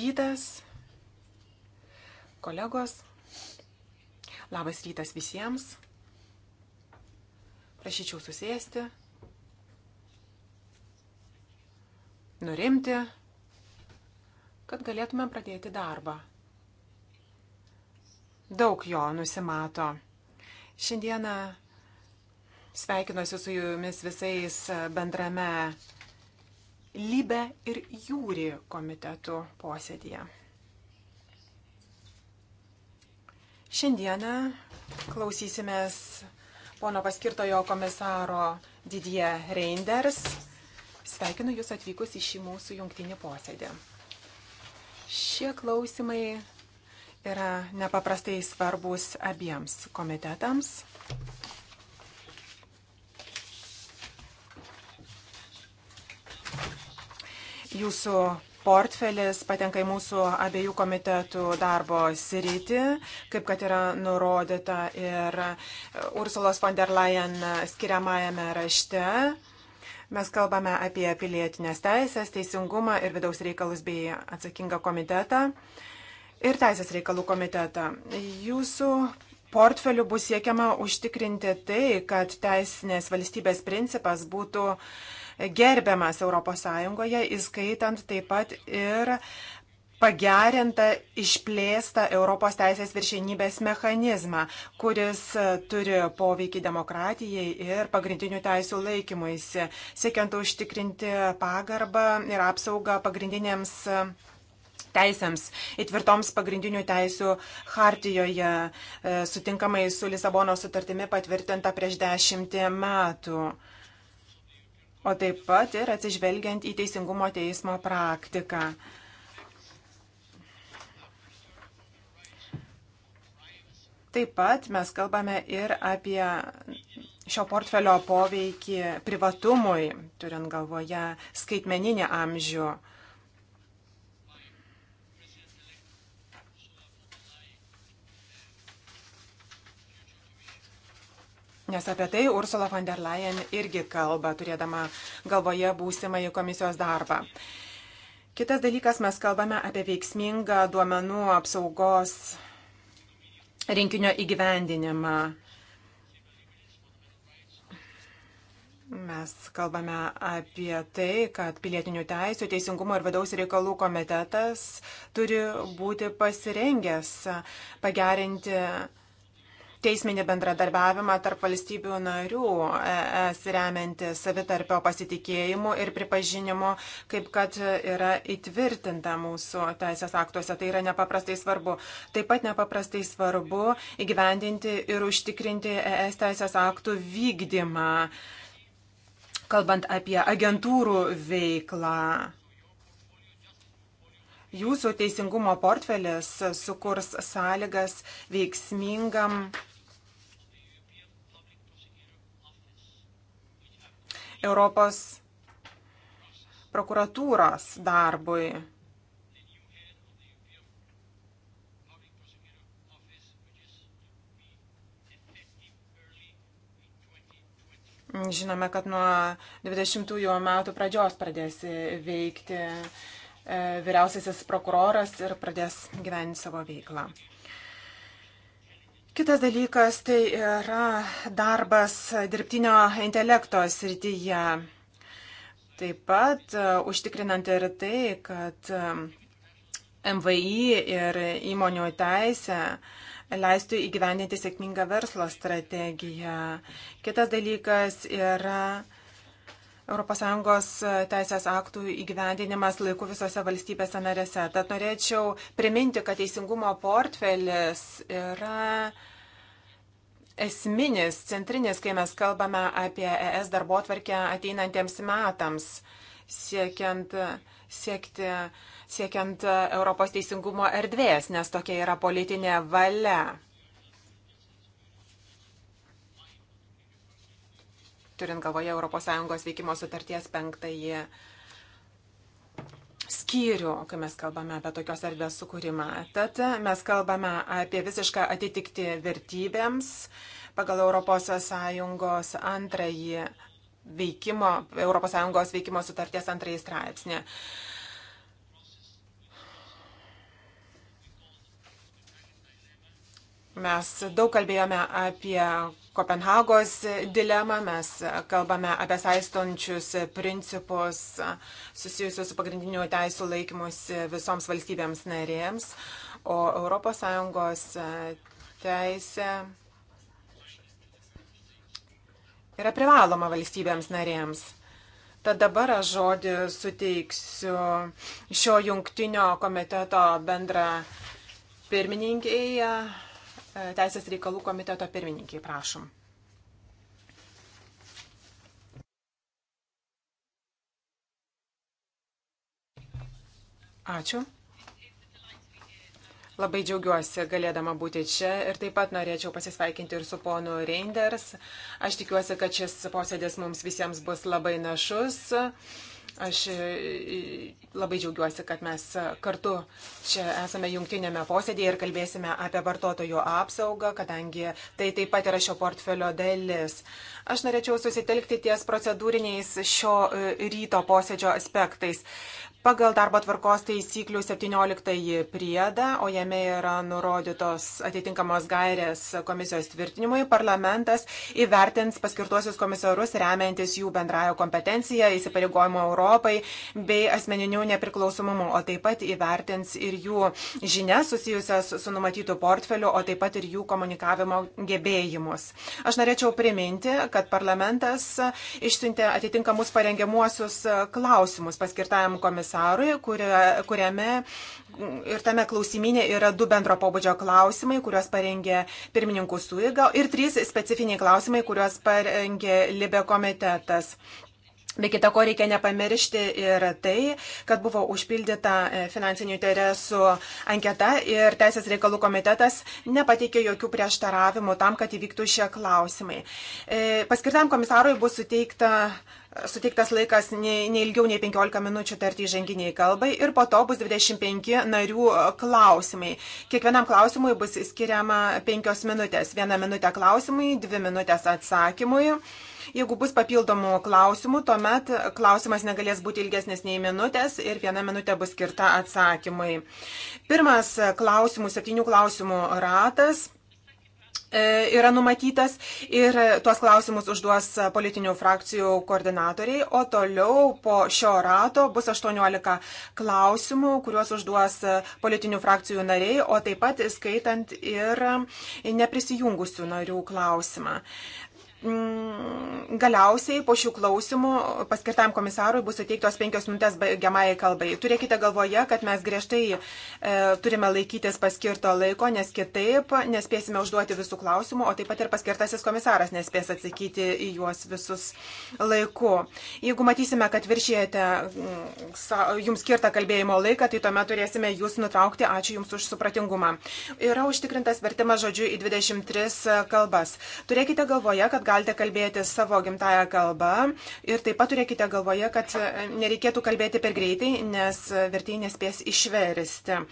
rytas, kolegos. Labas rytas visiems. Prašyčiau susėsti, nurimti, kad galėtume pradėti darbą. Daug jo nusimato. Šiandieną sveikinuosi su jumis visais bendrame Libe ir Jūri komitetų posėdėje. Šiandieną klausysimės pono paskirtojo komisaro Didie Reinders. Sveikinu Jūs atvykus į šį mūsų jungtinį posėdį. Šie klausimai yra nepaprastai svarbus abiems komitetams. jūsų portfelis patenka į mūsų abiejų komitetų darbo sritį, kaip kad yra nurodyta ir Ursulos von der Leyen skiriamajame rašte. Mes kalbame apie pilietinės teisės, teisingumą ir vidaus reikalus bei atsakingą komitetą ir Teisės reikalų komitetą. Jūsų portfeliu bus siekiama užtikrinti tai, kad teisinės valstybės principas būtų gerbiamas ES, įskaitant taip pat ir pagerintą, išplėstą Europos teisės viršenybės mechanizmą, kuris turi poveikį demokratijai ir pagrindinių teisų laikymuisi, siekiant užtikrinti pagarbą ir apsaugą pagrindinėms teisėms įtvirtoms pagrindinių teisių hartijoje, e, sutinkamai su Lisabono sutartimi patvirtinta prieš dešimtį metų. O taip pat ir atsižvelgiant į Teisingumo teismo praktiką. Taip pat mes kalbame ir apie šio portfelio poveikį privatumui, turint galvoje skaitmeninį amžių. Nes apie tai Ursula von der Leyen irgi kalba, turėdama galvoje būsimąjį komisijos darbą. Kitas dalykas, mes kalbame apie veiksmingą duomenų apsaugos rinkinio įgyvendinimą. Mes kalbame apie tai, kad pilietinių teisų, teisingumo ir vidaus reikalų komitetas turi būti pasirengęs pagerinti teisminį bendradarbiavimą tarp valstybių narių, es remianti savitarpio pasitikėjimu ir pripažinimu, kaip kad yra įtvirtinta mūsų teisės aktuose. Tai yra nepaprastai svarbu. Taip pat nepaprastai svarbu įgyvendinti ir užtikrinti es teisės aktų vykdymą, kalbant apie agentūrų veiklą. Jūsų teisingumo portfelis sukurs sąlygas veiksmingam Europos prokuratūros darbui. Žinome, kad nuo 20-ųjų metų pradžios pradės veikti e, vyriausiasis prokuroras ir pradės gyventi savo veiklą. Kitas dalykas tai yra darbas dirbtinio intelekto srityje. Taip pat e, užtikrinant ir tai, kad e, MVI ir įmonių teisė leistų įgyvendinti sėkmingą verslo strategiją. Kitas dalykas yra ES e, teisės aktų įgyvendinimas laiku visose valstybėse narėse. Tad norėčiau priminti, kad teisingumo portfelis yra esminis, centrinis, kai mes kalbame apie ES darbo tvarkę ateinantiems metams, siekiant, siekti, siekiant Europos teisingumo erdvės, nes tokia yra politinė valia. turint galvoje ES veikimo sutarties penktąjį skyrių, kai mes kalbame apie tokios erdvės sukūrimą. Tad mes kalbame apie visišką atitikti vertybėms pagal ES antrąjį veikimo, ES veikimo sutarties antrąjį straipsnį. Mes daug kalbėjome apie Kopenhagos dilemą, mes kalbame apie saistančius principus susijusius su pagrindiniu teisų laikymus visoms valstybėms narėms, o ES teisė yra privaloma valstybėms narėms. Tad dabar aš žodį suteiksiu šio jungtinio komiteto bendra pirmininkėje E, Teisės reikalų komiteto pirmininkiai, prašom. Ačiū. Labai džiaugiuosi galėdama būti čia ir taip pat norėčiau pasisveikinti ir su ponu Reinders. Aš tikiuosi, kad šis posėdis mums visiems bus labai našus. Aš e, e, labai džiaugiuosi, kad mes kartu čia esame jungtinėme posėdėje ir kalbėsime apie vartotojų apsaugą, kadangi tai taip pat yra šio portfelio dalis. Aš norėčiau susitelkti ties procedūriniais šio e, ryto posėdžio aspektais. Pagal darbo tvarkos taisyklių 17 priedą, o jame yra nurodytos atitinkamos gairės komisijos tvirtinimui, parlamentas įvertins paskirtuosius komisarus remiantis jų bendrajo kompetenciją, įsipareigojimo Europai bei asmeninių nepriklausomumų, o taip pat įvertins ir jų žinias susijusias su numatytų portfeliu, o taip pat ir jų komunikavimo gebėjimus. Aš norėčiau priminti, kad parlamentas išsiuntė atitinkamus parengiamuosius klausimus paskirtajam komisarui komisarui, kuria, kuriame ir tame klausimynė yra du bendro pobūdžio klausimai, kuriuos parengė pirmininkų suiga ir trys specifiniai klausimai, kuriuos parengė Libe komitetas. Be kita ko reikia nepamiršti ir tai, kad buvo užpildyta e, finansinių interesų anketa ir Teisės reikalų komitetas nepateikė jokių prieštaravimų tam, kad įvyktų šie klausimai. E, paskirtam komisarui bus suteikta, suteiktas laikas neilgiau nei, nei 15 minučių tarti įžanginiai kalbai ir po to bus 25 narių klausimai. Kiekvienam klausimui bus skiriama 5 minutės. Vieną minutę klausimui, 2 minutės atsakymui. Jeigu bus papildomų klausimų, tuomet klausimas negalės būti ilgesnis nei minutės ir viena minutė bus skirta atsakymai. Pirmas klausimų, septynių klausimų ratas e, yra numatytas ir tuos klausimus užduos politinių frakcijų koordinatoriai, o toliau po šio rato bus 18 klausimų, kuriuos užduos politinių frakcijų nariai, o taip pat skaitant ir neprisijungusių narių klausimą. Mm, galiausiai po šių klausimų paskirtam komisarui bus suteiktos penkios minutės baigiamai kalbai. Turėkite galvoje, kad mes griežtai e, turime laikytis paskirto laiko, nes kitaip nespėsime užduoti visų klausimų, o taip pat ir paskirtasis komisaras nespės atsakyti į juos visus laiku. Jeigu matysime, kad viršijate mm, jums skirtą kalbėjimo laiką, tai tuomet turėsime jūs nutraukti. Ačiū Jums už supratingumą. Yra užtikrintas vertimas žodžiu į 23 kalbas. Turėkite galvoje, kad galite kalbėti savo gimtają kalbą ir taip pat turėkite galvoje, kad e, nereikėtų kalbėti per greitai, nes e, vertėjai nespės išversti.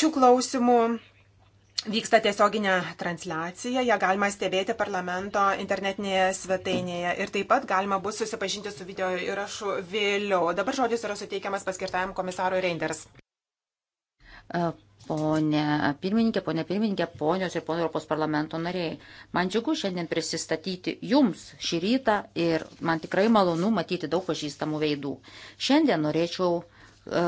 Šių klausimų Vyksta tiesioginė transliacija, ją galima stebėti parlamento internetinėje svetainėje ir taip pat galima bus susipažinti su video įrašu vėliau. Dabar žodis yra suteikiamas paskirtajam komisarui Reinders. Pone pirmininkė, pone pirmininkė, ponios ir ponio Europos parlamento nariai, man džiugu šiandien prisistatyti jums šį rytą ir man tikrai malonu matyti daug pažįstamų veidų. Šiandien norėčiau E,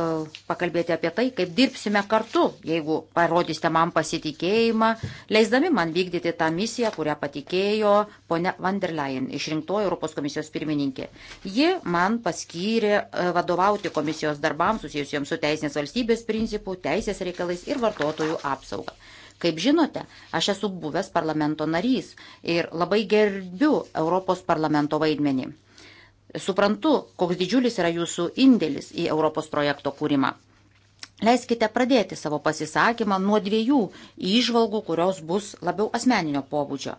pakalbėti apie tai, kaip dirbsime kartu, jeigu parodysite man pasitikėjimą, leisdami man vykdyti tą misiją, kurią patikėjo ponia van der Leyen, išrinktoji Europos komisijos pirmininkė. Ji man paskyrė e, vadovauti komisijos darbams susijusiems su teisinės valstybės principų, teisės reikalais ir vartotojų apsauga. Kaip žinote, aš esu buvęs parlamento narys ir labai gerbiu Europos parlamento vaidmenį suprantu, koks didžiulis yra jūsų indėlis į Europos projekto kūrimą. Leiskite pradėti savo pasisakymą nuo dviejų įžvalgų, kurios bus labiau asmeninio pobūdžio.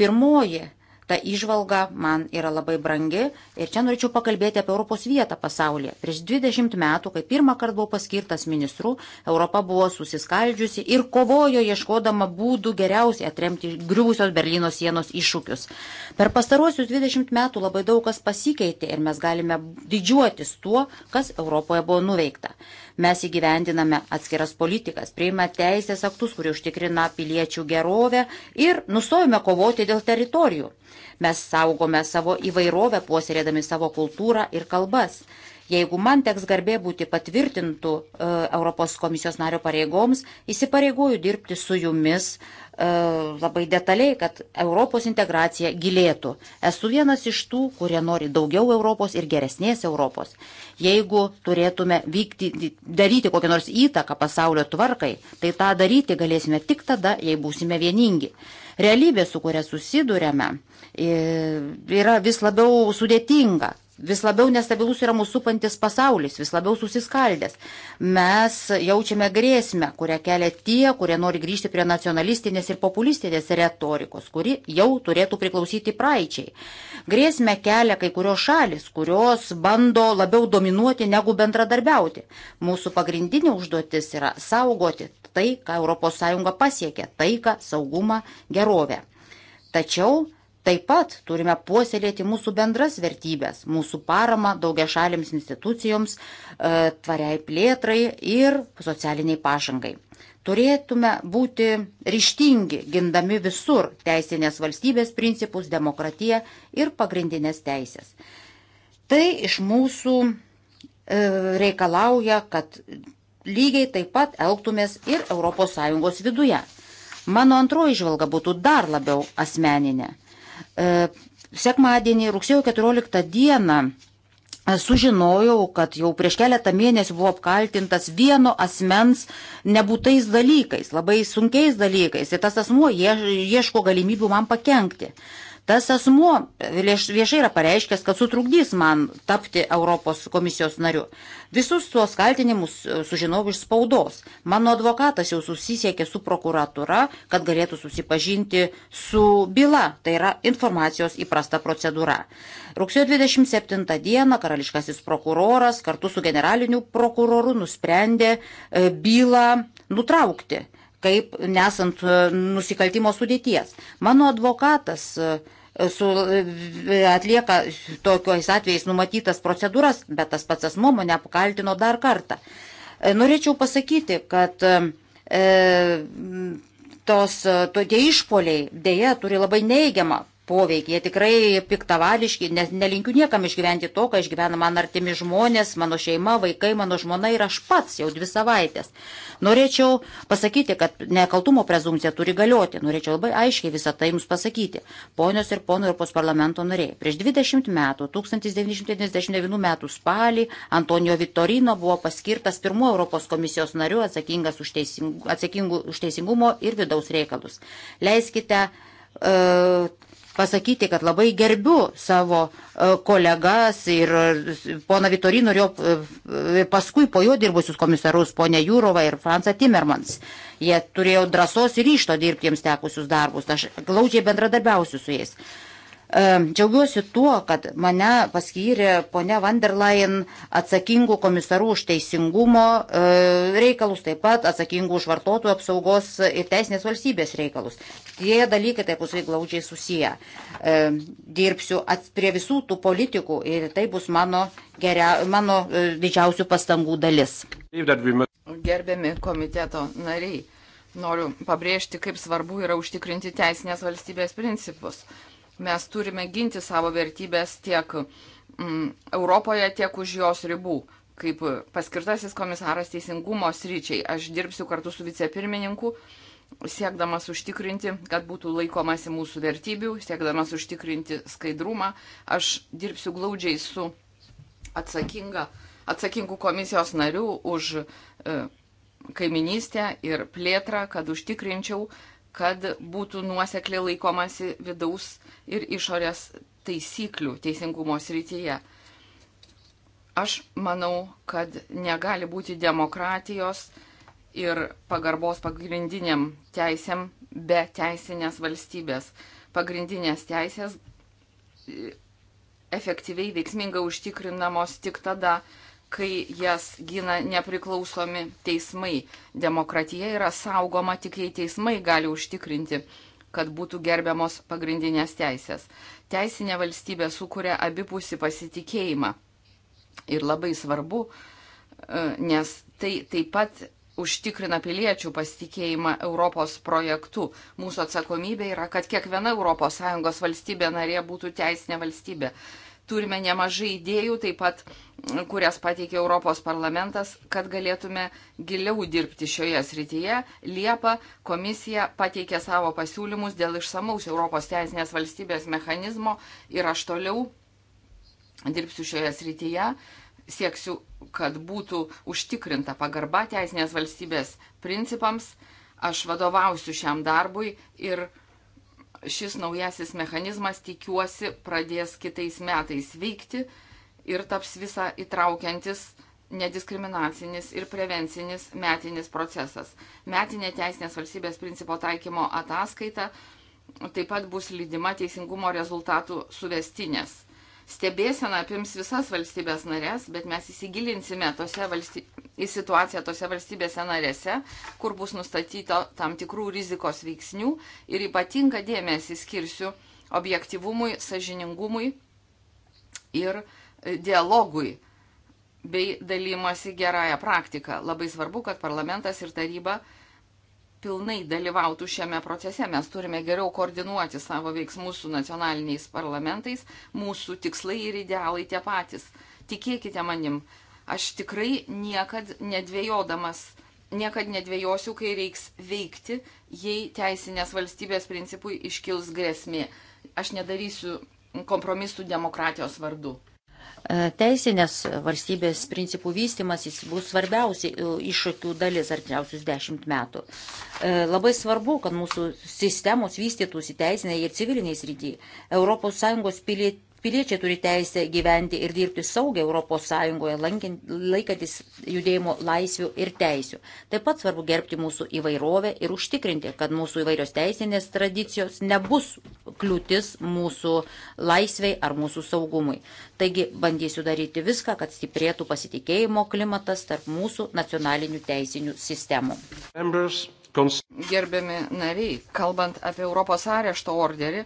Pirmoji ta išvalga man yra labai brangi ir čia norėčiau pakalbėti apie Europos vietą pasaulyje. Prieš 20 metų, kai pirmą kartą buvau paskirtas ministru, Europa buvo susiskaldžiusi ir kovojo ieškodama būdų geriausiai atremti griuvusios Berlyno sienos iššūkius. Per pastaruosius 20 metų labai daug kas pasikeitė ir mes galime didžiuotis tuo, kas Europoje buvo nuveikta. Mes įgyvendiname atskiras politikas, priima teisės aktus, kurie užtikrina piliečių gerovę ir nustojame kovoti dėl teritorijų. Mes saugome savo įvairovę, puoselėdami savo kultūrą ir kalbas. Jeigu man teks garbė būti patvirtintų e, Europos komisijos nario pareigoms, įsipareigoju dirbti su jumis e, labai detaliai, kad Europos integracija gilėtų. Esu vienas iš tų, kurie nori daugiau Europos ir geresnės Europos. Jeigu turėtume vykti, daryti kokią nors įtaką pasaulio tvarkai, tai tą daryti galėsime tik tada, jei būsime vieningi. Realybė, su kuria susidurėme, E, yra vis labiau sudėtinga, vis labiau nestabilus yra mūsų supantis pasaulis, vis labiau susiskaldęs. Mes jaučiame grėsmę, kurią kelia tie, kurie nori grįžti prie nacionalistinės ir populistinės retorikos, kuri jau turėtų priklausyti praeičiai. Grėsmę kelia kai kurios šalis, kurios bando labiau dominuoti negu bendradarbiauti. Mūsų pagrindinė užduotis yra saugoti tai, ką ES pasiekia - taiką, saugumą, gerovę. Tačiau Taip pat turime puoselėti mūsų bendras vertybės, mūsų paramą daugia šalėms institucijoms, e, tvariai plėtrai ir socialiniai pažangai. Turėtume būti ryštingi, gindami visur teisinės valstybės principus, demokratiją ir pagrindinės teisės. Tai iš mūsų e, reikalauja, kad lygiai taip pat elgtumės ir ES viduje. Mano antroji žvalga būtų dar labiau asmeninė E, sekmadienį rugsėjo 14 dieną e, sužinojau, kad jau prieš keletą mėnesių buvo apkaltintas vieno asmens nebūtais dalykais, labai sunkiais dalykais. Ir tas asmuo ieško galimybių man pakengti. Tas asmuo viešai yra pareiškęs, kad sutrukdys man tapti Europos komisijos nariu. Visus tuos kaltinimus e, sužinojau iš spaudos. Mano advokatas jau susisiekė su prokuratūra, kad galėtų susipažinti su byla. Tai yra informacijos įprasta procedūra. Rugsėjo 27 dieną karališkasis prokuroras kartu su generaliniu prokuroru nusprendė e, bylą nutraukti kaip nesant e, nusikaltimo sudėties. Mano advokatas uh, su, atlieka tokiais atvejais numatytas procedūras, bet tas pats asmo mane apkaltino dar kartą. E, norėčiau pasakyti, kad e, tos, to, tie išpoliai dėja turi labai neigiamą poveikį. Jie tikrai piktavališki, nes nelinkiu niekam išgyventi to, ką išgyvena man artimi žmonės, mano šeima, vaikai, mano žmona ir aš pats jau dvi savaitės. Norėčiau pasakyti, kad nekaltumo prezumcija turi galioti. Norėčiau labai aiškiai visą tai jums pasakyti. Ponios ir ponų Europos parlamento nariai. Prieš 20 metų, 1999 metų spalį, Antonijo Vitorino buvo paskirtas pirmuoju Europos komisijos nariu atsakingas už, teising, atsakingų, už teisingumo ir vidaus reikalus. Leiskite uh, pasakyti, kad labai gerbiu savo e, kolegas ir e, pona Vitorino ir jo e, paskui po jo dirbusius komisarus, ponę Jūrovą ir Fransą Timmermans. Jie turėjo drąsos ir ryšto dirbti jiems tekusius darbus. Aš glaudžiai bendradarbiausiu su jais. Džiaugiuosi tuo, kad mane paskyrė ponia van der Leyen atsakingų komisarų už teisingumo reikalus, taip pat atsakingų už vartotojų apsaugos ir teisinės valstybės reikalus. Tie dalykai taip bus glaudžiai susiję. Dirbsiu prie visų tų politikų ir tai bus mano, geria, mano e, didžiausių pastangų dalis. Gerbiami komiteto nariai, noriu pabrėžti, kaip svarbu yra užtikrinti teisinės valstybės principus Mes turime ginti savo vertybės tiek mm, Europoje, tiek už jos ribų. Kaip paskirtasis komisaras teisingumo sryčiai, aš dirbsiu kartu su vicepirmininku, siekdamas užtikrinti, kad būtų laikomasi mūsų vertybių, siekdamas užtikrinti skaidrumą. Aš dirbsiu glaudžiai su atsakinga, atsakingu komisijos nariu už e, kaiminystę ir plėtrą, kad užtikrinčiau, kad būtų nuosekliai laikomasi vidaus ir išorės taisyklių teisingumo srityje. Aš manau, kad negali būti demokratijos ir pagarbos pagrindiniam teisėm be teisinės valstybės. Pagrindinės teisės e, efektyviai veiksmingai užtikrinamos tik tada, kai jas gina nepriklausomi teismai. Demokratija yra saugoma tik jei teismai gali užtikrinti, kad būtų gerbiamos pagrindinės teisės. Teisinė valstybė sukuria abipusį pasitikėjimą. Ir labai svarbu, e, nes tai taip pat užtikrina piliečių pasitikėjimą Europos projektu. Mūsų atsakomybė yra, kad kiekviena ES valstybė narė būtų teisinė valstybė turime nemažai idėjų, taip pat kurias pateikė Europos parlamentas, kad galėtume giliau dirbti šioje srityje. Liepa komisija pateikė savo pasiūlymus dėl išsamaus Europos teisinės valstybės mechanizmo ir aš toliau dirbsiu šioje srityje. Sieksiu, kad būtų užtikrinta pagarba teisinės valstybės principams. Aš vadovausiu šiam darbui ir šis naujasis mechanizmas, tikiuosi, pradės kitais metais veikti ir taps visą įtraukiantis nediskriminacinis ir prevencinis metinis procesas. Metinė teisinės valstybės principo taikymo ataskaita taip pat bus lydima teisingumo rezultatų suvestinės. Stebėsena apims visas valstybės narės, bet mes įsigilinsime tose valsty... į situaciją tose valstybėse narėse, kur bus nustatyta tam tikrų rizikos veiksnių ir ypatingą dėmesį skirsiu objektivumui, sažiningumui ir e, dialogui bei dalymasi gerąją praktiką. Labai svarbu, kad parlamentas ir taryba uh, pilnai dalyvautų šiame procese. Mes turime geriau koordinuoti savo veiksmus su nacionaliniais parlamentais. Mūsų tikslai ir idealai tie patys. Tikėkite manim, aš tikrai niekad nedvėjodamas, niekad nedvėjosiu, kai reiks veikti, jei teisinės valstybės principui iškils grėsmė. Aš nedarysiu kompromisų demokratijos vardu. Teisinės valstybės principų vystimas jis bus svarbiausia e, iššūkių dalis artimiausius dešimt metų. E, labai svarbu, kad mūsų sistemos vystytųsi teisinėje ir civilinėje srityje. ES piliet, Piliečiai turi teisę gyventi ir dirbti saugiai ES, laikantis judėjimo laisvių ir teisių. Taip pat svarbu gerbti mūsų įvairovę ir užtikrinti, kad mūsų įvairios teisinės tradicijos nebus kliūtis mūsų laisviai ar mūsų saugumui. Taigi bandysiu daryti viską, kad stiprėtų pasitikėjimo klimatas tarp mūsų nacionalinių teisinių sistemų. Gerbiami nariai, kalbant apie Europos arešto orderį,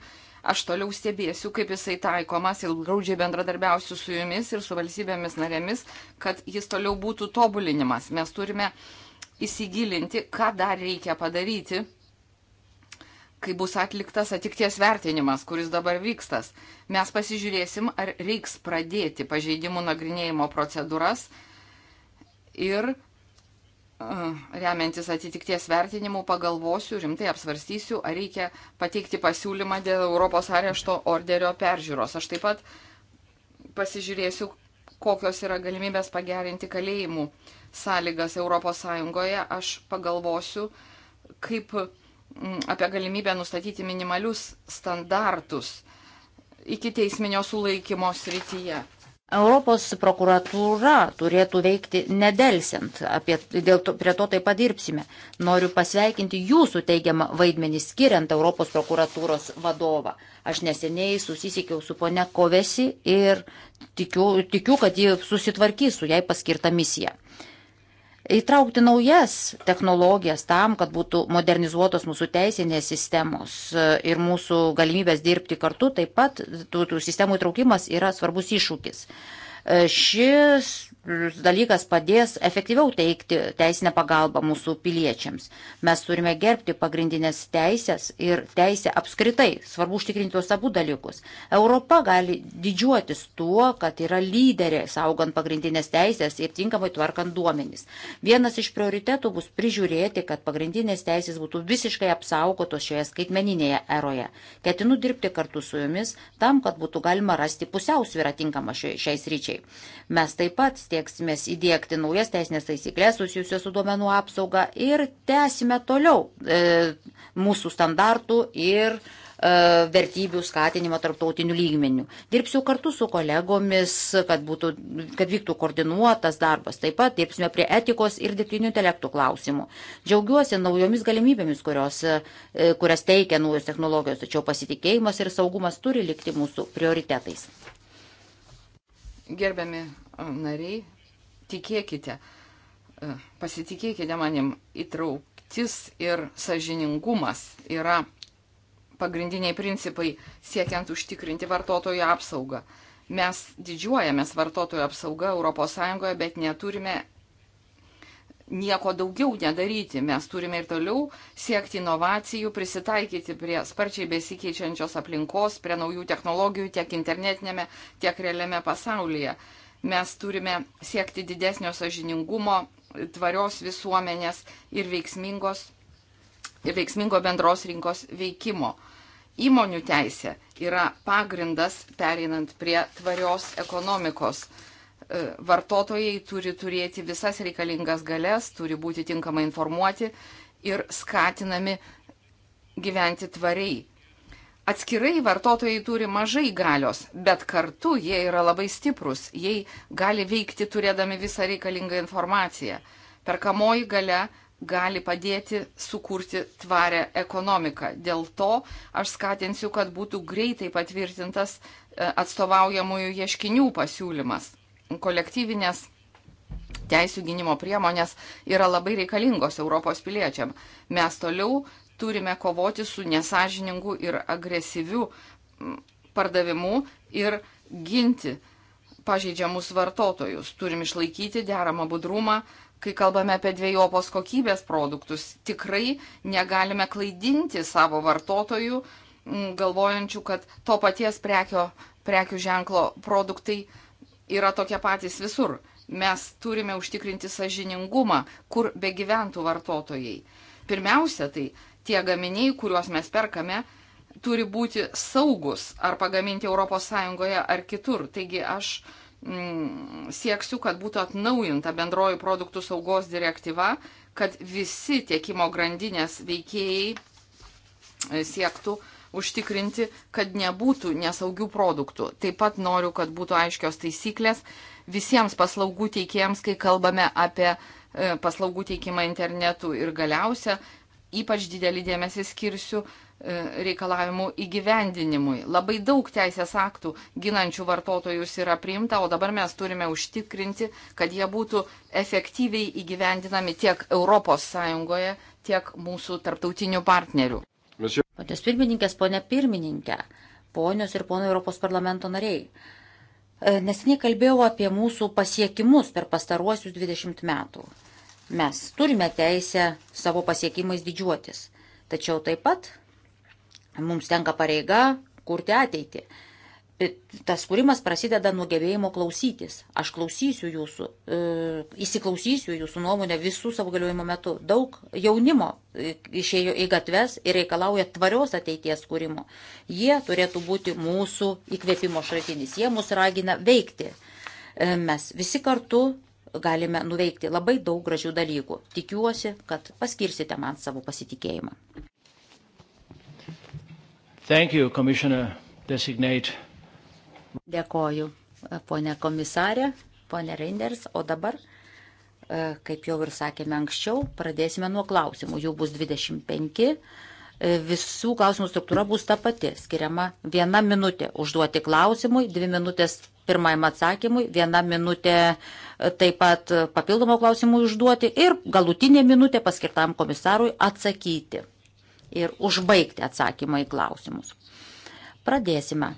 Aš toliau stebėsiu, kaip jisai taikomas ir graudžiai bendradarbiausiu su jumis ir su valstybėmis narėmis, kad jis toliau būtų tobulinimas. Mes turime įsigilinti, ką dar reikia padaryti, kai bus atliktas atikties vertinimas, kuris dabar vykstas. Mes pasižiūrėsim, ar reiks pradėti pažeidimų nagrinėjimo procedūras ir remiantis atitikties vertinimu, pagalvosiu, rimtai apsvarstysiu, ar reikia pateikti pasiūlymą dėl Europos arešto orderio peržiūros. Aš taip pat pasižiūrėsiu, kokios yra galimybės pagerinti kalėjimų sąlygas ES. Aš pagalvosiu, kaip mm, apie galimybę nustatyti minimalius standartus iki teisminio sulaikymo srityje. Europos prokuratūra turėtų veikti nedelsiant, apie, dėl to, prie to taip pat dirbsime. Noriu pasveikinti jūsų teigiamą vaidmenį skiriant Europos prokuratūros vadovą. Aš neseniai susisiekiau su ponia Kovesi ir tikiu, tikiu kad ji susitvarkys su jai paskirta misija įtraukti naujas technologijas tam, kad būtų modernizuotos mūsų teisinės sistemos e, ir mūsų galimybės dirbti kartu, taip pat tų, tų sistemų įtraukimas yra svarbus iššūkis. E, šis dalykas padės efektyviau teikti teisinę pagalbą mūsų piliečiams. Mes turime gerbti pagrindinės teisės ir teisę apskritai. Svarbu užtikrinti tuos abu dalykus. Europa gali didžiuotis tuo, kad yra lyderė saugant pagrindinės teisės ir tinkamai tvarkant duomenys. Vienas iš prioritetų bus prižiūrėti, kad pagrindinės teisės būtų visiškai apsaugotos šioje skaitmeninėje eroje. Ketinu dirbti kartu su jumis tam, kad būtų galima rasti pusiausvyrą tinkamą šiais ryčiai. Mes taip pat stieksimės įdėkti naujas teisinės taisyklės susijusios su duomenų apsauga ir tęsime toliau e, mūsų standartų ir e, vertybių skatinimo tarptautinių lygmenių. Dirbsiu kartu su kolegomis, kad, būtų, kad vyktų koordinuotas darbas. Taip pat dirbsime prie etikos ir dirbtinių intelektų klausimų. Džiaugiuosi naujomis galimybėmis, kurios, e, kurias teikia naujos technologijos, tačiau pasitikėjimas ir saugumas turi likti mūsų prioritetais. Gerbiami e, nariai, tikėkite, e, pasitikėkite manim, įtrauktis ir sažiningumas yra pagrindiniai principai siekiant užtikrinti vartotojų apsaugą. Mes didžiuojamės vartotojų apsauga ES, bet neturime nieko daugiau nedaryti. Mes turime ir toliau siekti inovacijų, prisitaikyti prie sparčiai besikeičiančios aplinkos, prie naujų technologijų tiek internetinėme, tiek realiame pasaulyje. Mes turime siekti didesnio sažiningumo, tvarios visuomenės ir, ir veiksmingo bendros rinkos veikimo. Įmonių teisė yra pagrindas pereinant prie tvarios ekonomikos. E, vartotojai turi turėti visas reikalingas galės, turi būti tinkamai informuoti ir skatinami gyventi tvariai. Atskirai vartotojai turi mažai galios, bet kartu jie yra labai stiprus, jie gali veikti turėdami visą reikalingą informaciją. Perkamoji gale gali padėti sukurti tvarę ekonomiką. Dėl to aš skatinsiu, kad būtų greitai patvirtintas e, atstovaujamųjų ieškinių pasiūlymas kolektyvinės teisų gynimo priemonės yra labai reikalingos Europos piliečiam. Mes toliau turime kovoti su nesažiningu ir agresyviu pardavimu ir ginti pažeidžiamus vartotojus. Turim išlaikyti deramą budrumą, kai kalbame apie dviejopos kokybės produktus. Tikrai negalime klaidinti savo vartotojų, galvojančių, kad to paties prekio, prekių ženklo produktai uh, yra tokie patys visur. Mes turime užtikrinti sažiningumą, kur begyventų vartotojai. Pirmiausia, tai tie gaminiai, kuriuos mes perkame, turi būti saugus ar pagaminti ES ar kitur. Taigi aš mm, sieksiu, kad būtų atnaujinta bendroji produktų saugos direktyva, kad visi tiekimo grandinės veikėjai e, siektų uh, užtikrinti, kad nebūtų nesaugių produktų. Taip pat noriu, kad būtų aiškios taisyklės visiems paslaugų teikėjams, kai kalbame apie e, paslaugų teikimą internetu. Ir galiausia, ypač didelį dėmesį skirsiu e, reikalavimų įgyvendinimui. Labai daug teisės aktų ginančių vartotojus yra priimta, o dabar mes turime užtikrinti, kad jie būtų efektyviai įgyvendinami tiek ES, tiek mūsų tarptautinių partnerių. Ponios pirmininkės, ponė pirmininkė, ponios ir ponai Europos parlamento nariai. E, neseniai kalbėjau apie mūsų pasiekimus per pastaruosius 20 metų. Mes turime teisę savo pasiekimais didžiuotis, tačiau taip pat mums tenka pareiga kurti ateitį. E, tas kūrimas prasideda nuo gebėjimo klausytis. Aš klausysiu jūsų, e, įsiklausysiu jūsų nuomonę visų savo galiojimo metu. Daug jaunimo e, išėjo į gatves ir reikalauja tvarios ateities kūrimo. Jie turėtų būti mūsų įkvėpimo šaltinis. Jie mus ragina veikti. E, mes visi kartu galime nuveikti labai daug gražių dalykų. Tikiuosi, kad paskirsite man savo pasitikėjimą. Thank you, Commissioner Designate. Dėkoju, e, ponė komisarė, ponė Reinders. O dabar, e, kaip jau ir sakėme anksčiau, pradėsime nuo klausimų. Jų bus 25. E, visų klausimų struktūra bus ta pati. Skiriama viena minutė užduoti klausimui, dvi minutės pirmajam atsakymui, viena minutė taip pat papildomo klausimų užduoti ir galutinė minutė paskirtam komisarui atsakyti ir užbaigti atsakymą į klausimus. Pradėsime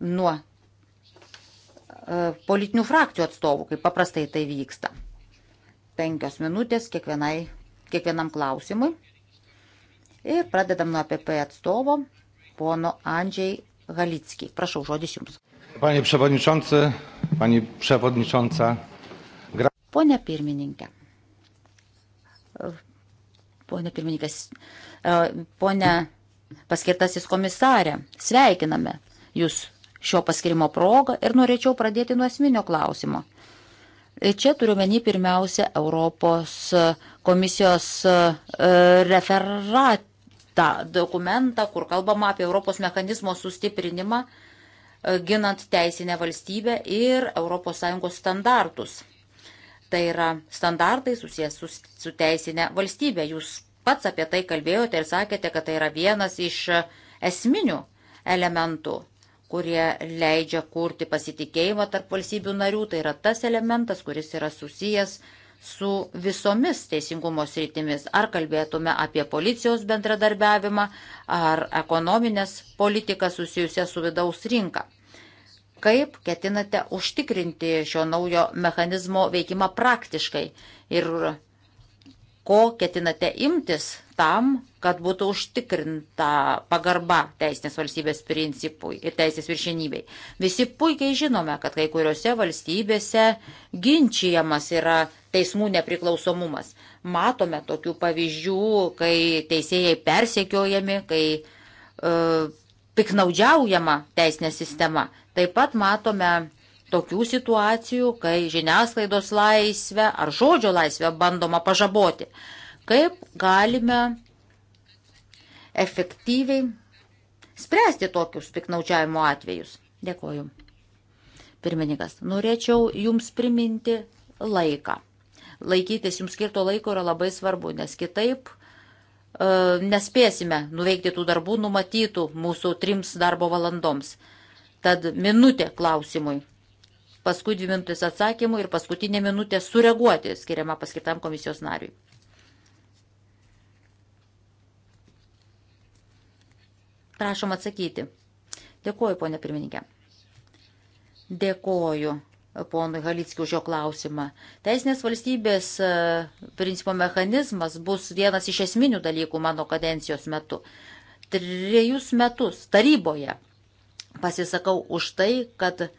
nuo E, politinių frakcijų atstovų, kaip paprastai tai vyksta. Penkios minutės kiekvienai, kiekvienam klausimui. Ir pradedam nuo APP atstovo, pono Andžiai Galickiai. Prašau, žodis jums. Panie Przewodniczący, Pani Przewodnicząca. Gra... Pone pirmininkė. E, pone pirmininkas. E, pone paskirtasis komisarė. Sveikiname Jūs šio paskirimo progą ir norėčiau pradėti nuo esminio klausimo. Čia turiu menį pirmiausia Europos komisijos e, referatą dokumentą, kur kalbama apie Europos mechanizmo sustiprinimą, e, ginant teisinę valstybę ir ES standartus. Tai yra standartai susijęs su, su teisinė valstybė. Jūs pats apie tai kalbėjote ir sakėte, kad tai yra vienas iš esminių elementų kurie leidžia kurti pasitikėjimą tarp valstybių narių. Tai yra tas elementas, kuris yra susijęs su visomis teisingumo sritimis. Ar kalbėtume apie policijos bendradarbiavimą, ar ekonominės politiką susijusią su vidaus rinka. Kaip ketinate užtikrinti šio naujo mechanizmo veikimą praktiškai ir ko ketinate imtis tam, kad būtų užtikrinta pagarba teisinės valstybės principui ir teisės viršinybei. Visi puikiai žinome, kad kai kuriuose valstybėse ginčiamas yra teismų nepriklausomumas. Matome tokių pavyzdžių, kai teisėjai persiekiojami, kai uh, piknaudžiaujama teisinė sistema. Taip pat matome tokių situacijų, kai žiniasklaidos laisvę ar žodžio laisvę bandoma pažaboti. Uh, kaip galime efektyviai spręsti tokius piknaudžiavimo atvejus. Dėkoju. Pirmininkas, norėčiau Jums priminti laiką. Laikytis Jums skirto laiko yra labai svarbu, nes kitaip e, nespėsime nuveikti tų darbų numatytų mūsų trims darbo valandoms. Tad minutė klausimui, paskui dvi minutės atsakymui ir paskutinė minutė sureaguoti skiriama paskirtam komisijos nariui. Prašom atsakyti. Dėkuoju, ponė pirmininkė. Dėkuoju ponui Halickiu už jo klausimą. Teisinės valstybės e, principo mechanizmas bus vienas iš esminių dalykų mano kadencijos metu. Trejus metus taryboje pasisakau už tai, kad e,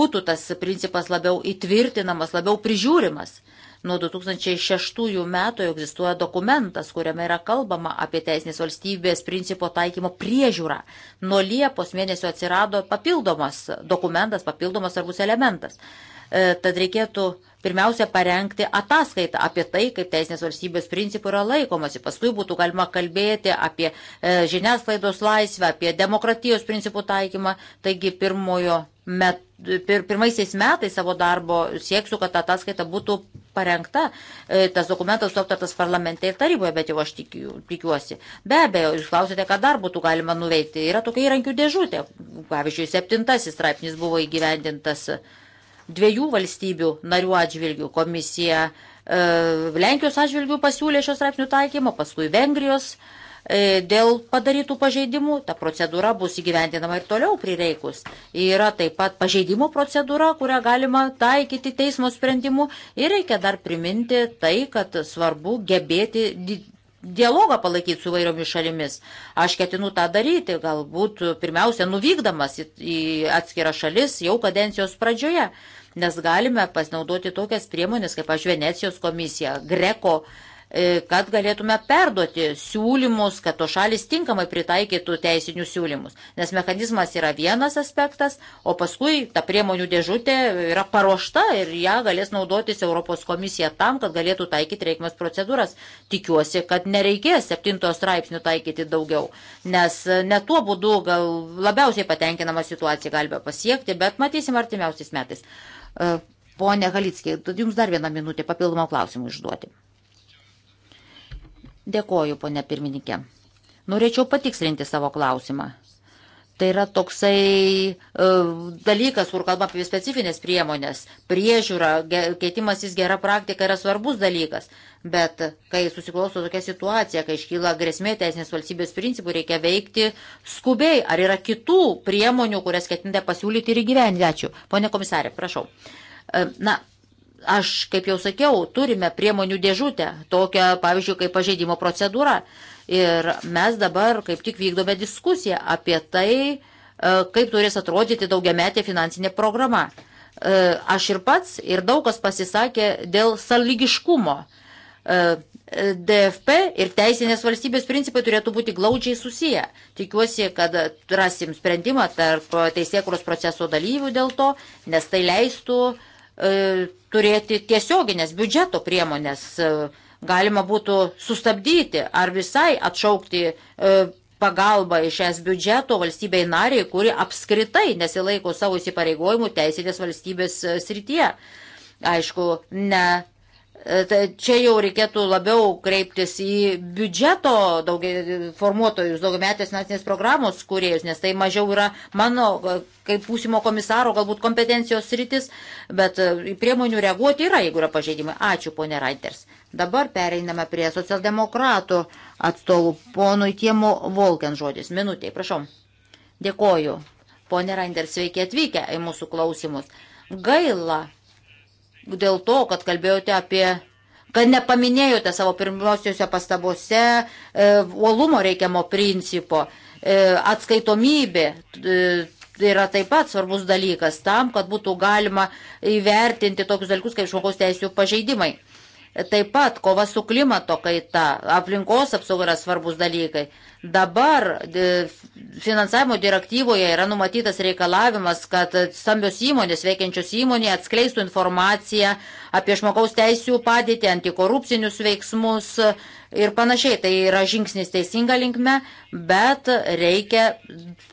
būtų tas principas labiau įtvirtinamas, labiau prižiūrimas. Nuo 2006 metų egzistuoja dokumentas, kuriame yra kalbama apie teisinės valstybės principo taikymo priežiūrą. Nuo Liepos mėnesio atsirado papildomas dokumentas, papildomas svarbus elementas. E, tad reikėtų pirmiausia parengti ataskaitą apie tai, kaip teisinės valstybės principų yra laikomasi. Paskui būtų galima kalbėti apie e, žiniasklaidos laisvę, apie demokratijos principų taikymą. Taigi pirmojo metu per pirmaisiais metais savo darbo sieksiu, kad ta ataskaita būtų parengta. E, tas dokumentas aptartas parlamente ir taryboje, bet jau aš tikiu, tikiuosi. Be abejo, jūs klausėte, ką dar būtų galima nuveikti. Yra tokia įrankių dėžutė. Pavyzdžiui, septintasis straipsnis buvo įgyvendintas dviejų valstybių narių atžvilgių komisija. E, Lenkijos atžvilgių pasiūlė šios straipsnių taikymo, paskui Vengrijos. Uh, E, dėl padarytų pažeidimų. Ta procedūra bus įgyventinama ir toliau prireikus. Yra taip pat pažeidimo procedūra, kurią galima taikyti teismo sprendimu. Ir reikia dar priminti tai, kad svarbu gebėti dialogą palaikyti su vairiomis šalimis. Aš ketinu tą daryti, galbūt pirmiausia, nuvykdamas į, į atskirą šalis jau kadencijos pradžioje, nes galime pasinaudoti tokias priemonės, kaip aš Venecijos komisija, Greko, uh, E, kad galėtume perduoti siūlymus, kad to šalis tinkamai pritaikytų teisinius siūlymus. Nes mechanizmas yra vienas aspektas, o paskui ta priemonių dėžutė yra paruošta ir ją galės naudotis Europos komisija tam, kad galėtų taikyti reikimas procedūras. Tikiuosi, kad nereikės septintojo straipsnių taikyti daugiau, nes e, ne tuo būdu gal labiausiai patenkinama situacija galime pasiekti, bet matysim artimiausiais metais. E, pone Halickiai, jums dar vieną minutę papildomą klausimą išduoti. Dėkoju, ponė pirmininkė. Norėčiau patikslinti savo klausimą. Tai yra toksai uh, dalykas, kur kalba apie specifinės priemonės. Priežiūra, ge, keitimasis gera praktika yra svarbus dalykas. Bet kai susiklauso tokia situacija, kai iškyla grėsmė teisinės valstybės principų, reikia veikti skubiai. Ar yra kitų priemonių, kurias ketinate pasiūlyti ir įgyvendinti? Ačiū. Pone komisarė, prašau. Uh, na, aš, kaip jau sakiau, turime priemonių dėžutę, tokią, pavyzdžiui, kaip pažeidimo procedūra. Ir mes dabar kaip tik vykdome diskusiją apie tai, e, kaip turės atrodyti daugiametė finansinė programa. E, aš ir pats, ir daug kas pasisakė dėl saligiškumo. E, DFP ir teisinės valstybės principai turėtų būti glaudžiai susiję. Tikiuosi, kad rasim sprendimą tarp teisėkuros proceso dalyvių dėl to, nes tai leistų uh, E, turėti tiesioginės biudžeto priemonės, e, galima būtų sustabdyti ar visai atšaukti e, pagalbą iš es biudžeto valstybei nariai, kuri apskritai nesilaiko savo įsipareigojimų teisinės valstybės srityje. Aišku, ne E, tai čia jau reikėtų labiau kreiptis į biudžeto daugia, formuotojus, daugiametės nacinės programos kuriejus, nes tai mažiau yra mano, e, kaip būsimo komisaro, galbūt kompetencijos rytis, bet e, priemonių reaguoti yra, jeigu yra pažeidimai. Ačiū, ponė Raiters. Dabar pereiname prie socialdemokratų atstovų. Ponui Tiemo Volken žodis. Minutė, prašom. Dėkoju. Pone Raiters, sveiki atvykę į mūsų klausimus. Gaila, dėl to, kad kalbėjote apie kad nepaminėjote savo pirmiosiuose pastabose e, uolumo reikiamo principo, e, atskaitomybė. E, Tai yra taip pat svarbus dalykas tam, kad būtų galima įvertinti tokius dalykus kaip žmogaus teisų pažeidimai. Taip pat kova su klimato kaita, aplinkos apsauga yra svarbus dalykai. Dabar e, finansavimo direktyvoje yra numatytas reikalavimas, kad stambios įmonės, veikiančios įmonė atskleistų informaciją apie žmogaus teisų padėtį, antikorupcinius veiksmus ir panašiai. Tai yra žingsnis teisinga linkme, bet reikia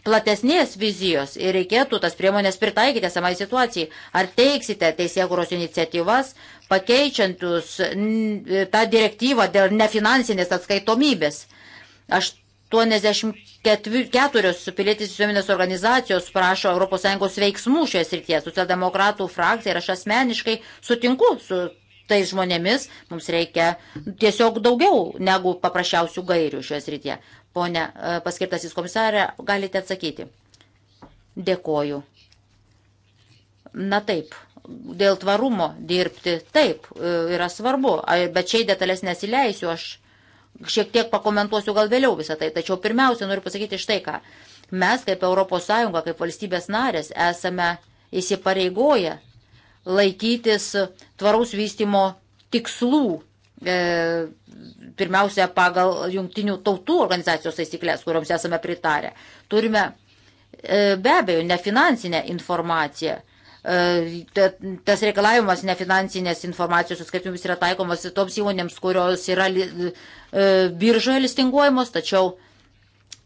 platesnės vizijos ir reikėtų tas priemonės pritaikyti samai situacijai. Ar teiksite teisėkuros iniciatyvas, pakeičiantus tą direktyvą dėl nefinansinės atskaitomybės? Aš 84 pilietis visuomenės organizacijos prašo ES veiksmų šioje srityje. Socialdemokratų frakcija ir aš asmeniškai sutinku su tais žmonėmis. Mums reikia tiesiog daugiau negu paprasčiausių gairių šioje srityje. Pone e, paskirtasis komisarė, galite atsakyti. Dėkoju. Na taip, dėl tvarumo dirbti taip e, yra svarbu, bet šiai detalės nesileisiu aš šiek tiek pakomentuosiu gal vėliau visą tai, tačiau pirmiausia noriu pasakyti štai ką. Mes kaip ES, kaip valstybės narės esame įsipareigoję laikytis tvaraus vystimo tikslų, e, pirmiausia, pagal jungtinių tautų organizacijos taisyklės, kuriuoms esame pritarę. Turime e, be abejo nefinansinę informaciją, E, tas reikalavimas nefinansinės informacijos atskaitimis yra taikomas toms įmonėms, kurios yra e, biržoje listinguojamos, tačiau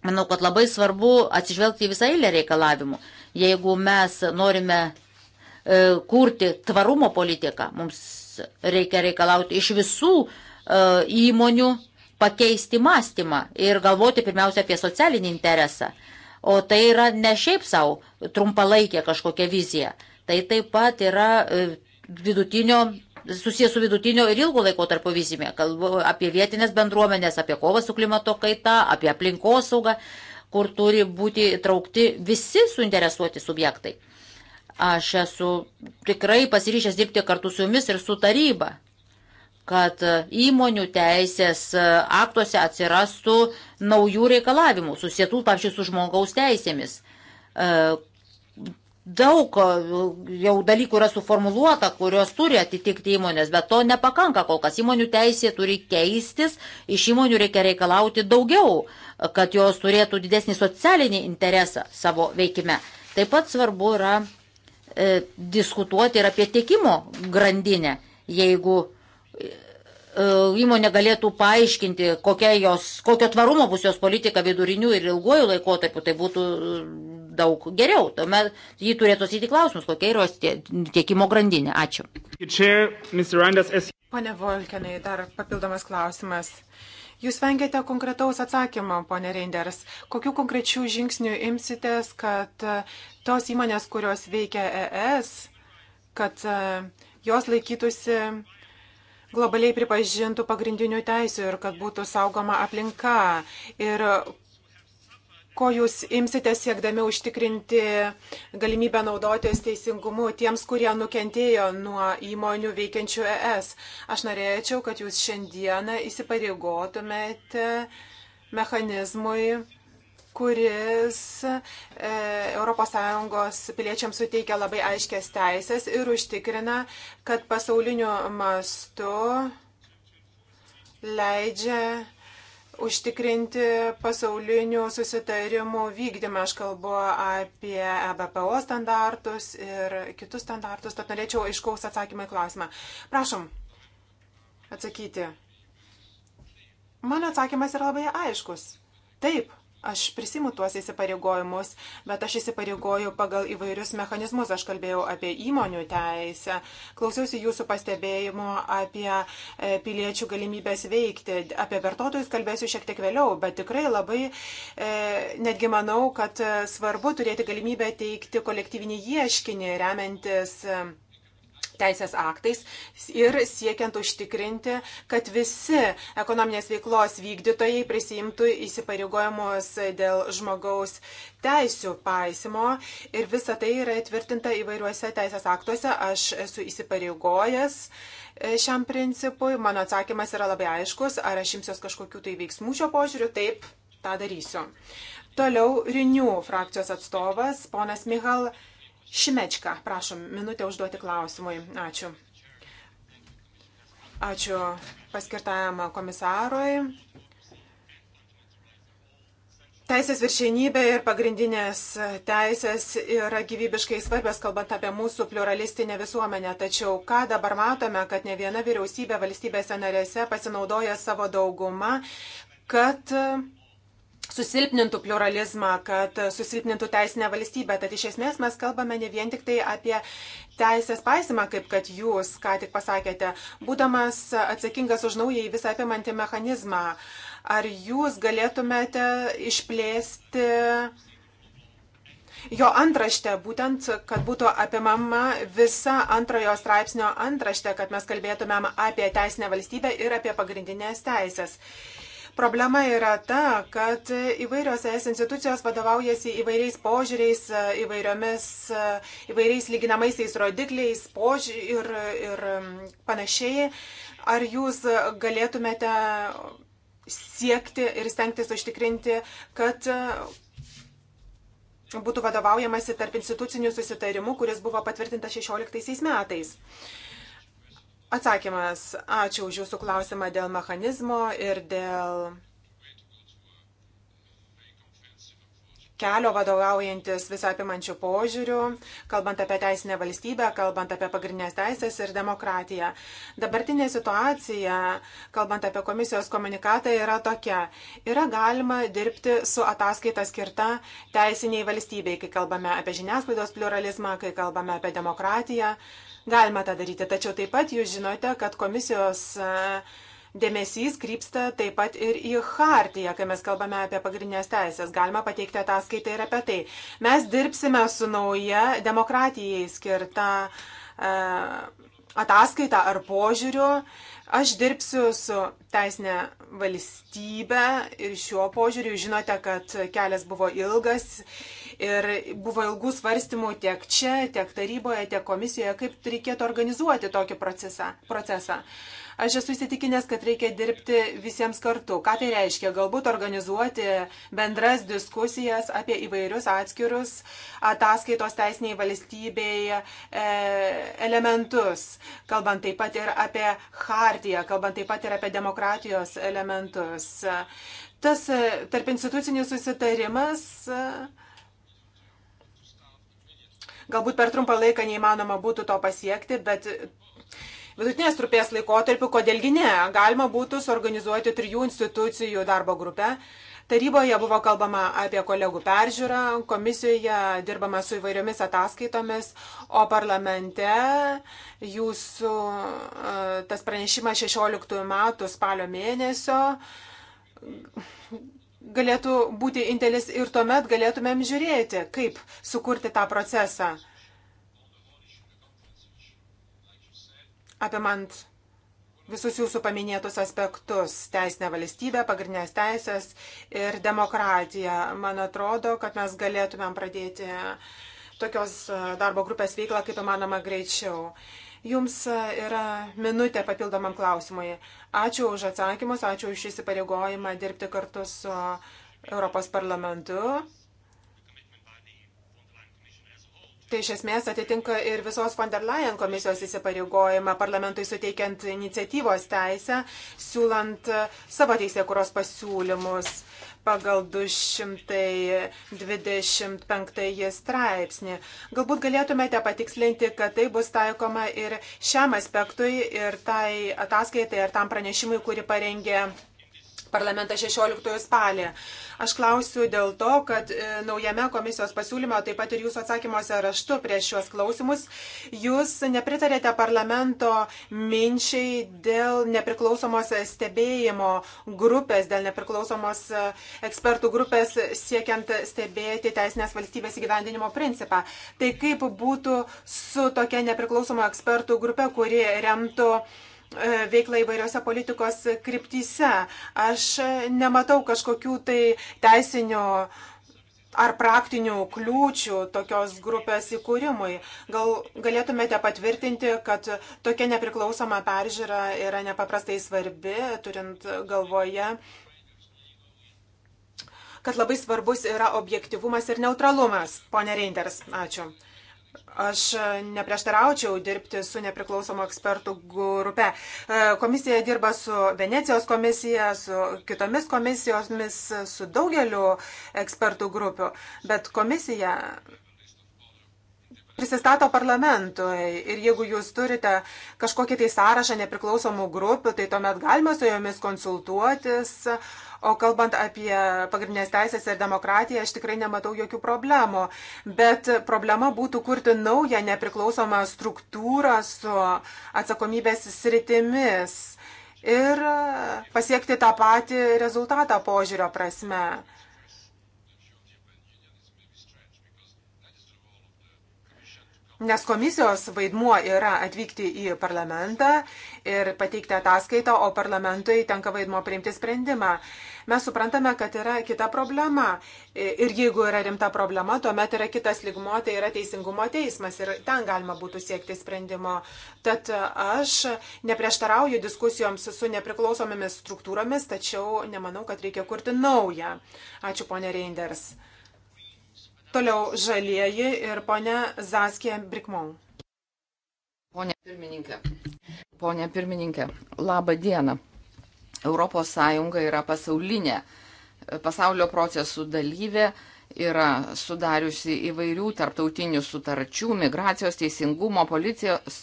manau, kad labai svarbu atsižvelgti į visą eilę reikalavimų. Jeigu mes norime e, kurti tvarumo politiką, mums reikia reikalauti iš visų įmonių pakeisti mąstymą ir galvoti pirmiausia apie socialinį interesą. O tai yra ne šiaip savo trumpalaikė kažkokia vizija. Tai taip pat yra e, vidutinio susijęs su vidutinio ir ilgo laiko tarpo vizime. Kalbu apie vietinės bendruomenės, apie kovą su klimato kaita, apie aplinkosaugą, kur turi būti traukti visi suinteresuoti subjektai. Aš esu tikrai pasiryšęs dirbti kartu su jumis ir su taryba, kad įmonių teisės aktuose atsirastų naujų reikalavimų, susietų, pavyzdžiui, su žmogaus teisėmis e, daug jau dalykų yra suformuluota, kurios turi atitikti įmonės, bet to nepakanka kol kas. Įmonių teisė turi keistis, iš įmonių reikia reikalauti daugiau, kad jos turėtų didesnį socialinį interesą savo veikime. Taip pat svarbu yra e, diskutuoti ir apie tiekimo grandinę. Jeigu E, įmonė galėtų paaiškinti, jos, kokio tvarumo bus jos politika vidurinių ir ilguoju laikotarpiu, tai būtų e, daug geriau. Tuomet jį turėtų atsiti klausimus, kokia yra tiekimo grandinė. Ačiū. Pane Volkenai, dar papildomas klausimas. Jūs vengiate konkretaus atsakymo, ponė Reinders. Kokių konkrečių žingsnių imsitės, kad e, tos įmonės, kurios veikia ES, kad jos laikytųsi globaliai pripažintų pagrindinių teisų ir kad būtų saugoma aplinka. Ir ko jūs imsite siekdami užtikrinti galimybę naudotis teisingumu tiems, kurie nukentėjo nuo įmonių veikiančių ES? Aš norėčiau, kad jūs šiandieną įsipareigotumėte mechanizmui kuris ES piliečiams suteikia labai aiškės teisės ir užtikrina, kad pasauliniu mastu leidžia užtikrinti pasaulinių susitarimų vykdymą. Aš kalbu apie EBPO standartus ir kitus standartus, tad norėčiau aiškaus atsakymą į klausimą. Prašom atsakyti. Mano atsakymas yra labai aiškus. Taip, Aš prisimu tuos įsipareigojimus, bet aš įsipareigoju pagal įvairius mechanizmus. Aš kalbėjau apie įmonių teisę, klausiausi jūsų pastebėjimo apie e, piliečių galimybės veikti. Apie vartotojus kalbėsiu šiek tiek vėliau, bet tikrai labai e, netgi manau, kad e, svarbu turėti galimybę teikti kolektyvinį ieškinį remiantis. E, teisės aktais ir siekiant užtikrinti, kad visi ekonominės veiklos vykdytojai prisimtų įsipareigojimus dėl žmogaus teisų paisimo ir visa tai yra įtvirtinta įvairiuose teisės aktuose. Aš esu įsipareigojęs e, šiam principui, mano atsakymas yra labai aiškus, ar aš imsiuos kažkokių tai veiksmų šio požiūriu, taip, tą darysiu. Toliau Rinių frakcijos atstovas, ponas Michal Šimečka, prašom, minutę užduoti klausimui. Ačiū. Ačiū paskirtajam komisarui. Teisės viršienybė ir pagrindinės teisės yra gyvybiškai svarbios, kalbant apie mūsų pluralistinę visuomenę. Tačiau ką dabar matome, kad ne viena vyriausybė valstybėse narėse pasinaudoja savo daugumą, kad uh, susilpnintų pluralizmą, kad susilpnintų teisinę valstybę. Tad iš esmės mes kalbame ne vien tik tai apie teisės paisimą, kaip kad jūs ką tik pasakėte, būdamas atsakingas už naują į visą apimantį mechanizmą. Ar jūs galėtumėte išplėsti jo antraštę, būtent, kad būtų apimama visa antrojo straipsnio antraštė, kad mes kalbėtumėm apie teisinę valstybę ir apie pagrindinės teisės. Uh, Problema yra ta, kad įvairios es institucijos vadovaujasi įvairiais požiūriais, įvairiomis, įvairiais lyginamaisiais rodikliais poži ir, ir panašiai. Ar jūs galėtumėte siekti ir stengtis užtikrinti, kad būtų vadovaujamasi tarp institucinių susitarimų, kuris buvo patvirtintas 16 metais? Atsakymas. Ačiū už Jūsų klausimą dėl mechanizmo ir dėl kelio vadovaujantis visapimančių požiūrių, kalbant apie teisinę valstybę, kalbant apie pagrindinės teisės ir demokratiją. Dabartinė situacija, kalbant apie komisijos komunikatą, yra tokia. Yra galima dirbti su ataskaita skirta teisiniai valstybei, kai kalbame apie žiniasklaidos pluralizmą, kai kalbame apie demokratiją. Galima tą daryti, tačiau taip pat jūs žinote, kad komisijos e, dėmesys krypsta taip pat ir į hartiją, kai mes kalbame apie pagrindinės teisės. Galima pateikti ataskaitą ir apie tai. Mes dirbsime su nauja demokratijai skirta e, ataskaita ar požiūriu. Aš dirbsiu su teisinė valstybė ir šiuo požiūriu žinote, kad kelias buvo ilgas Ir buvo ilgų svarstymų tiek čia, tiek taryboje, tiek komisijoje, kaip reikėtų organizuoti tokį procesą. procesą. Aš esu įsitikinęs, kad reikia dirbti visiems kartu. Ką tai reiškia? Galbūt organizuoti bendras diskusijas apie įvairius atskirus ataskaitos teisiniai valstybėje elementus, kalbant taip pat ir apie hartiją, kalbant taip pat ir apie demokratijos elementus. Tas e, tarp institucinis susitarimas uh, Galbūt per trumpą laiką neįmanoma būtų to pasiekti, bet vidutinės trupės laikotarpiu, kodėlgi ne, galima būtų suorganizuoti trijų institucijų darbo grupę. Taryboje buvo kalbama apie kolegų peržiūrą, komisijoje dirbama su įvairiomis ataskaitomis, o parlamente jūsų e, tas pranešimas 16 metų spalio mėnesio galėtų būti indėlis ir tuomet galėtumėm žiūrėti, kaip sukurti tą procesą. Apimant visus jūsų paminėtus aspektus - teisinę valstybę, pagrindinės teisės ir demokratiją. Man atrodo, kad mes galėtumėm pradėti tokios darbo grupės veiklą kaip įmanoma greičiau. Jums e, yra minutė papildomam klausimui. Ačiū už atsakymus, ačiū už įsipareigojimą dirbti kartu su Europos parlamentu. tai iš esmės atitinka ir visos von der Leyen komisijos įsipareigojimą parlamentui suteikiant iniciatyvos teisę, siūlant e, savo teisėkuros pasiūlymus pagal 225 straipsnį. Galbūt galėtumėte patikslinti, kad tai bus taikoma ir šiam aspektui, ir tai ataskaitai, ir tam pranešimui, kurį parengė parlamentą 16 spalį. Aš klausiu dėl to, kad e, naujame komisijos pasiūlyme, taip pat ir jūsų atsakymuose raštu prieš šiuos klausimus, jūs nepritarėte parlamento minčiai dėl nepriklausomos stebėjimo grupės, dėl nepriklausomos e, ekspertų grupės siekiant stebėti teisinės valstybės įgyvendinimo principą. Tai kaip būtų su tokia nepriklausoma ekspertų grupė, kuri remtų E, veiklą įvairiose politikos kryptyse. Aš nematau kažkokių tai teisinių ar praktinių kliūčių tokios grupės įkūrimui. Gal galėtumėte patvirtinti, kad tokia nepriklausoma peržiūra yra nepaprastai svarbi, turint galvoje, kad labai svarbus yra objektivumas ir neutralumas. Pone Reinders, ačiū. Aš e, neprieštaraučiau dirbti su nepriklausomo ekspertų grupe. E, komisija dirba su Venecijos komisija, su kitomis komisijomis, su daugeliu ekspertų grupių, bet komisija prisistato parlamentui ir jeigu jūs turite kažkokį tai sąrašą nepriklausomų grupių, tai tuomet galima su jomis konsultuotis. O kalbant apie pagrindinės teisės ir demokratiją, aš tikrai nematau jokių problemų. Bet problema būtų kurti naują nepriklausomą struktūrą su atsakomybės sritimis ir pasiekti tą patį rezultatą požiūrio prasme. Nes komisijos vaidmuo yra atvykti į parlamentą ir pateikti ataskaitą, o parlamentui tenka vaidmuo priimti sprendimą. Mes suprantame, kad yra kita problema. Ir jeigu yra rimta problema, tuomet yra kitas ligmo, tai yra teisingumo teismas ir ten galima būtų siekti sprendimo. Tad aš neprieštarauju diskusijoms su nepriklausomomis struktūromis, tačiau nemanau, kad reikia kurti naują. Ačiū, ponė Reinders. Toliau žalieji ir ponia Zaskė Brikmon. Pone pirmininkė. Pone pirmininkė, laba diena. Europos Sąjunga yra pasaulinė pasaulio procesų dalyvė yra sudariusi įvairių tarptautinių sutarčių, migracijos, teisingumo, policijos,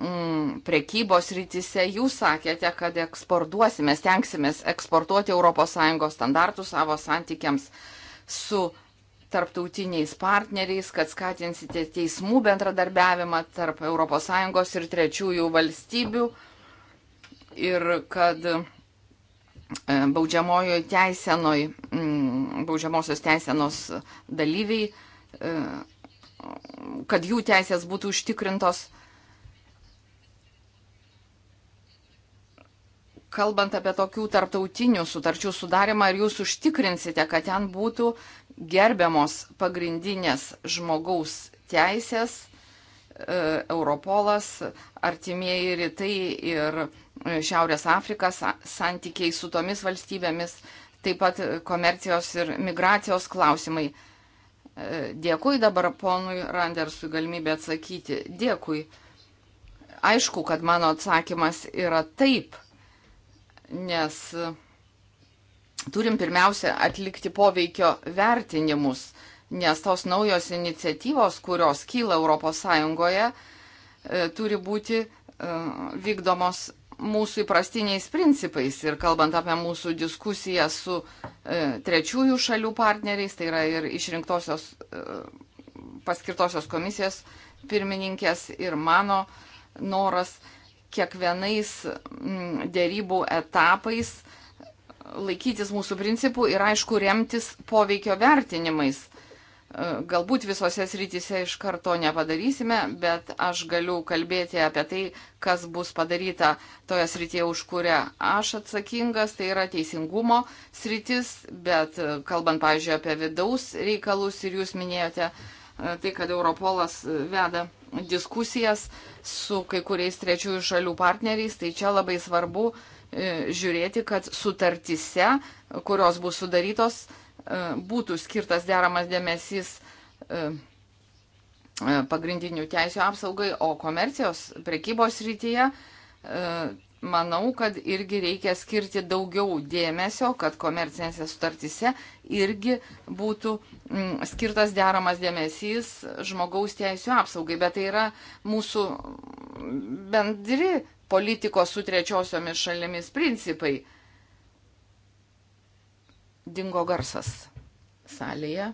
mm, prekybos rytise. Jūs sakėte, kad eksportuosime, stengsimės eksportuoti ES standartus savo santykiams su tarptautiniais partneriais, kad skatinsite teismų bendradarbiavimą tarp ES ir trečiųjų valstybių ir kad e, baudžiamojo teisenoj, mm, baudžiamosios teisenos dalyviai, e, kad jų teisės būtų užtikrintos. Kalbant apie tokių tarptautinių sutarčių sudarimą, ar jūs užtikrinsite, kad ten būtų gerbiamos pagrindinės žmogaus teisės, e, Europolas, artimieji rytai ir e, Šiaurės Afrika, santykiai su tomis valstybėmis, taip pat komercijos ir migracijos klausimai. E, dėkui dabar ponui Randersui galimybę atsakyti. Dėkui. Aišku, kad mano atsakymas yra taip, nes turim pirmiausia atlikti poveikio vertinimus, nes tos naujos iniciatyvos, kurios kyla ES, e, turi būti e, vykdomos mūsų įprastiniais principais ir kalbant apie mūsų diskusiją su e, trečiųjų šalių partneriais, tai yra ir išrinktosios paskirtosios komisijos pirmininkės ir mano noras kiekvienais dėrybų etapais uh, laikytis mūsų principų ir aišku remtis poveikio vertinimais. E, galbūt visose srityse iš karto nepadarysime, bet aš galiu kalbėti apie tai, kas bus padaryta toje srityje, už kurią aš atsakingas, tai yra teisingumo sritis, bet e, kalbant, pavyzdžiui, apie vidaus reikalus ir jūs minėjote e, tai, kad Europolas veda diskusijas su kai kuriais trečiųjų šalių partneriais, tai čia labai svarbu uh, E, žiūrėti, kad sutartise, kurios bus sudarytos, e, būtų skirtas deramas dėmesys e, pagrindinių teisų apsaugai, o komercijos prekybos rytyje manau, kad irgi reikia skirti daugiau dėmesio, kad komercinėse sutartyse irgi būtų m, mm, skirtas deramas dėmesys žmogaus teisų apsaugai. Bet tai yra mūsų bendri politikos su trečiosiomis šalimis principai. Dingo garsas salėje.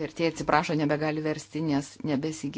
Vertėjai atsiprašo, nebegali versti, nes nebesigi.